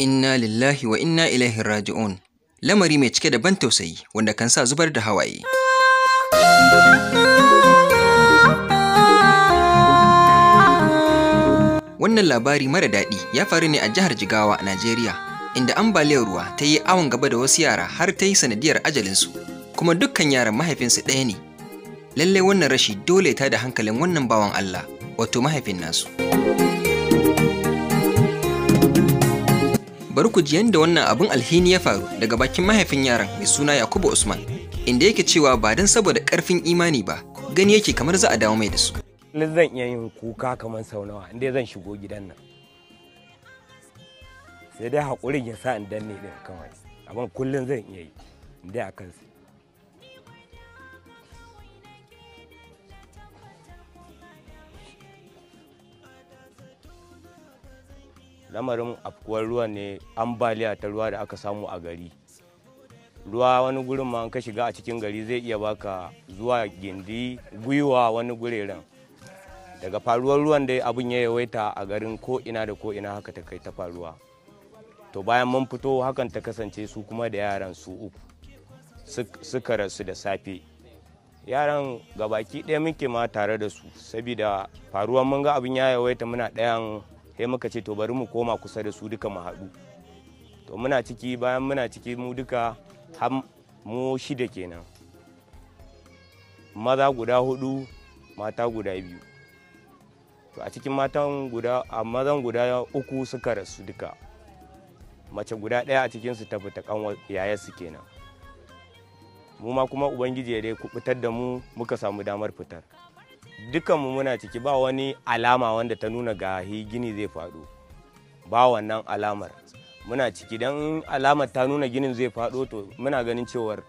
Inna lillahi wa inna ilaihi raji'un. Lamari mai cike da ban tausayi wanda kan sa zubar da hawaye. Wannan labari mara daɗi ya faru ne a jihar Jigawa, a Najeriya, inda ambaliyar ruwa ta yi awon gaba da wasu yara har ta yi sanadiyar ajalinsu, kuma dukkan yaran mahaifinsu ɗaya ne. Lallai wannan rashi dole ta da hankalin wannan bawan Allah, wato mahaifin nasu. bari ku ji yadda wannan abin alhini ya faru daga bakin mahaifin yaran mai suna Yakubu Usman inda yake cewa ba don saboda karfin imani ba gani yake kamar za a dawo mai da su. Zan iya yin kuka kamar sau nawa inda zan shigo gidan nan. Sai dai haƙurin ya sa in danne din kawai abin kullum zan iya yi inda a kansu. lamarin afkuwar ruwa ne ambaliya ta ruwa da aka samu a gari ruwa wani gurin ma ka shiga a cikin gari zai iya baka zuwa gindi gwiwa wani gureren daga faruwar ruwan dai abin ya yawaita a garin ko ina da ko ina haka ta kai ta faruwa to bayan mun fito hakan ta kasance su kuma da yaran su uku suka rasu da safe yaran gabaki ɗaya muke ma tare da su sabida faruwar mun ga abin ya yawaita muna ɗayan sai muka ce to bari mu koma kusa da su duka mu haɗu to muna ciki bayan muna ciki mu duka har mu shida kenan maza guda hudu mata guda biyu to a cikin matan guda a mazan guda uku suka rasu duka mace guda ɗaya a cikin tafi ta fita kan su kenan mu ma kuma ubangiji ya dai kubutar da mu muka samu damar fitar dukanmu muna ciki ba wani alama wanda ta nuna ga gini zai faɗo ba wannan alamar muna ciki don alamar ta nuna ginin zai faɗo to muna ganin cewar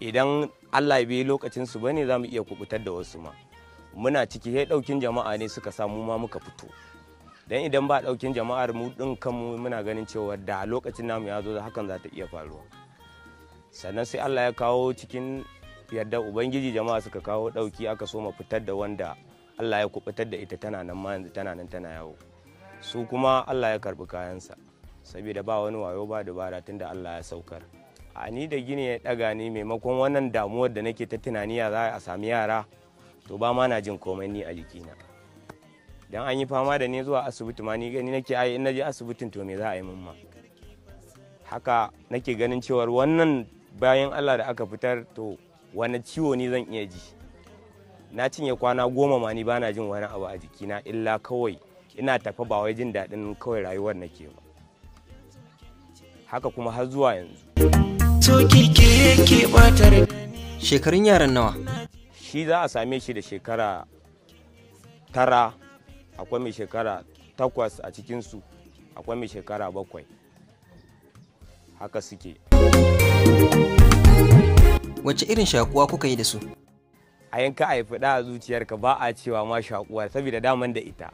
idan allah bai lokacin su bane za mu iya kubutar da wasu ma muna ciki sai ɗaukin jama'a ne suka samu ma muka fito don idan ba ɗaukin jama'ar mu ɗin kanmu muna ganin cewar da lokacin namu ya zo hakan za ta iya faruwa sannan sai allah ya kawo cikin yadda ubangiji jama'a suka kawo ɗauki aka soma fitar da wanda allah ya kubutar da ita tana nan ma yanzu tana nan tana yawo su kuma allah ya karbi kayansa saboda ba wani wayo ba dubara da allah ya saukar a ni da gini ya daga ni maimakon wannan damuwar da nake ta tunani ya za a sami yara to ba ma na jin komai ni a jikina dan an yi fama da ni zuwa asibiti ma ni gani nake ai in na je asibitin to me za a yi min ma haka nake ganin cewar wannan bayan allah da aka fitar to wani ciwo ni zan iya ji na cinye kwana goma ma ni bana jin wani abu a jikina illa kawai ina tafa ba wai jin daɗin kawai rayuwar nake ba haka kuma har zuwa yanzu shekarun yaran nawa shi za a same shi da shekara tara akwai mai shekara takwas a cikinsu akwai mai shekara bakwai haka suke wacce irin shakuwa kuka yi da su a yanka a yi faɗa a zuciyarka ba a cewa ma shakuwa saboda daman da ita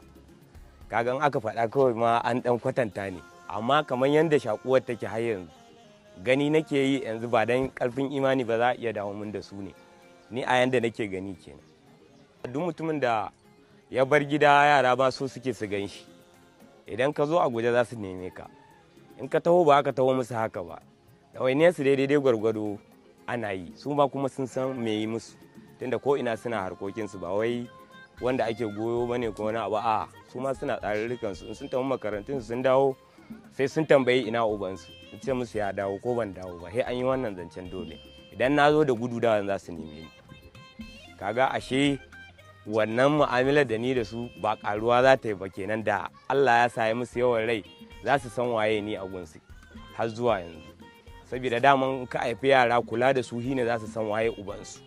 kagan aka faɗa kawai ma an ɗan kwatanta ne amma kamar yadda shakuwar take har yanzu gani nake yi yanzu ba dan karfin imani ba za a iya dawo mun da su ne ni a yanda nake gani kenan duk mutumin da ya bar gida yara ba so suke su gan shi idan ka zo a guje za su neme ka in ka taho ba ka taho musu haka ba ɗawainiyarsu daidai gwargwado ana yi su ma kuma sun san me yi musu tunda ko ina suna harkokinsu ba wai wanda ake goyo bane ko wani abu a su ma suna tsarurrukan su sun tafi makarantun sun dawo sai sun tambayi ina ubansu in ce musu ya dawo ko ban dawo ba sai an yi wannan zancen dole idan na zo da gudu da za su neme ni kaga ashe wannan mu'amalar da ni da su ba karuwa za ta yi ba kenan da Allah ya sa musu yawan rai za su san waye ni a gunsu har zuwa yanzu saboda daman ka haifi yara kula da su shine za su san waye ubansu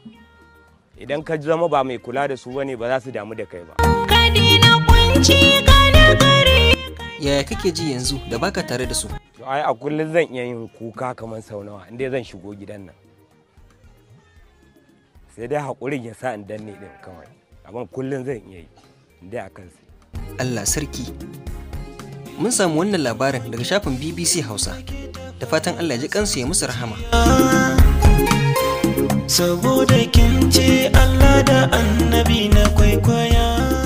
idan ka zama ba mai kula da su bane ba za su damu da kai ba yaya kake ji yanzu da baka tare da su ai a kullum zan iya yin kuka kamar sau nawa inda zan shigo gidan nan sai dai haƙurin ya sa in danne din kawai amma kullum zan iya yi inda a Allah sarki mun samu wannan labarin daga shafin BBC Hausa da fatan Allah ji kansu ya musu rahama saboda kin ce Allah da annabi na kwaikwaya